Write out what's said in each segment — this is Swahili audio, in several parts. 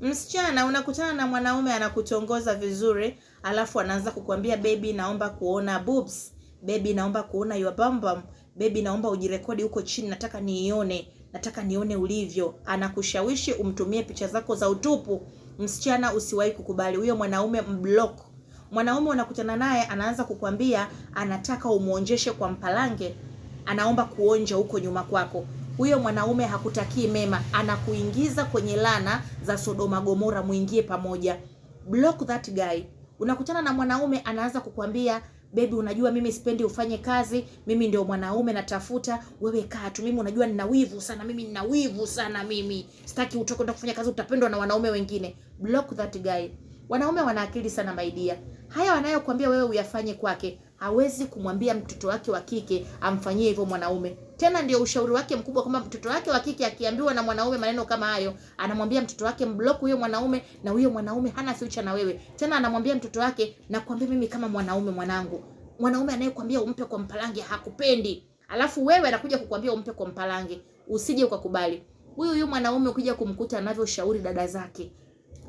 Msichana unakutana na mwanaume anakutongoza vizuri, alafu anaanza kukwambia baby, naomba kuona boobs, baby, naomba kuona your bum bum, baby, naomba ujirekodi huko chini, nataka nione, nataka nione ulivyo. Anakushawishi umtumie picha zako za utupu. Msichana usiwahi kukubali huyo mwanaume, mblock. Mwanaume unakutana naye anaanza kukwambia anataka umwonjeshe kwa mpalange, anaomba kuonja huko nyuma kwako huyo mwanaume hakutakii mema, anakuingiza kwenye lana za Sodoma Gomora, muingie pamoja. Block that guy. Unakutana na mwanaume anaanza kukwambia Bebi, unajua mimi sipendi ufanye kazi, mimi ndio mwanaume natafuta, wewe kaa tu. Mimi unajua nina wivu sana, mimi nina wivu sana, mimi sitaki utoke enda kufanya kazi, utapendwa na wanaume wengine. Block that guy. Wanaume wana akili sana, maidia. Haya wanayokuambia wewe uyafanye kwake, hawezi kumwambia mtoto wake wa kike amfanyie hivyo mwanaume. Tena ndio ushauri wake mkubwa, kwamba mtoto wake wa kike akiambiwa na mwanaume maneno kama hayo, anamwambia mtoto wake mblock huyo mwanaume, na huyo mwanaume hana future na wewe. Tena anamwambia mtoto wake, nakwambia mimi kama mwanaume, mwanangu, mwanaume anayekwambia umpe kwa mpalange hakupendi, alafu wewe anakuja kukwambia umpe kwa mpalange, usije ukakubali. Huyu huyu mwanaume ukija kumkuta anavyoshauri dada zake,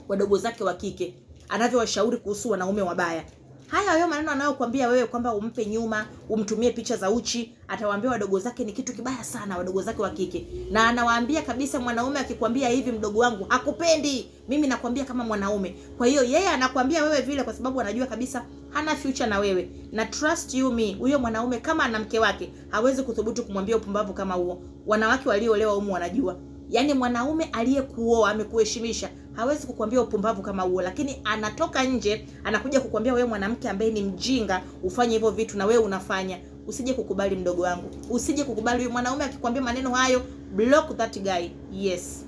wadogo zake wa kike, anavyowashauri kuhusu wanaume wabaya Haya hayo maneno anayokuambia wewe kwamba umpe nyuma, umtumie picha za uchi, atawaambia wadogo zake ni kitu kibaya sana, wadogo zake wa kike. Na anawaambia kabisa, mwanaume akikwambia hivi, mdogo wangu hakupendi. Mimi nakwambia kama mwanaume. Kwa hiyo yeye anakwambia wewe vile, kwa sababu anajua kabisa hana future na wewe, na trust you me, huyo mwanaume kama ana mke wake hawezi kuthubutu kumwambia upumbavu kama huo. Wanawake walioolewa humu wanajua yaani mwanaume aliyekuoa amekuheshimisha hawezi kukwambia upumbavu kama huo, lakini anatoka nje anakuja kukwambia wewe mwanamke ambaye ni mjinga ufanye hivyo vitu na wewe unafanya. Usije kukubali mdogo wangu, usije kukubali. Huyu mwanaume akikwambia maneno hayo, block that guy. Yes.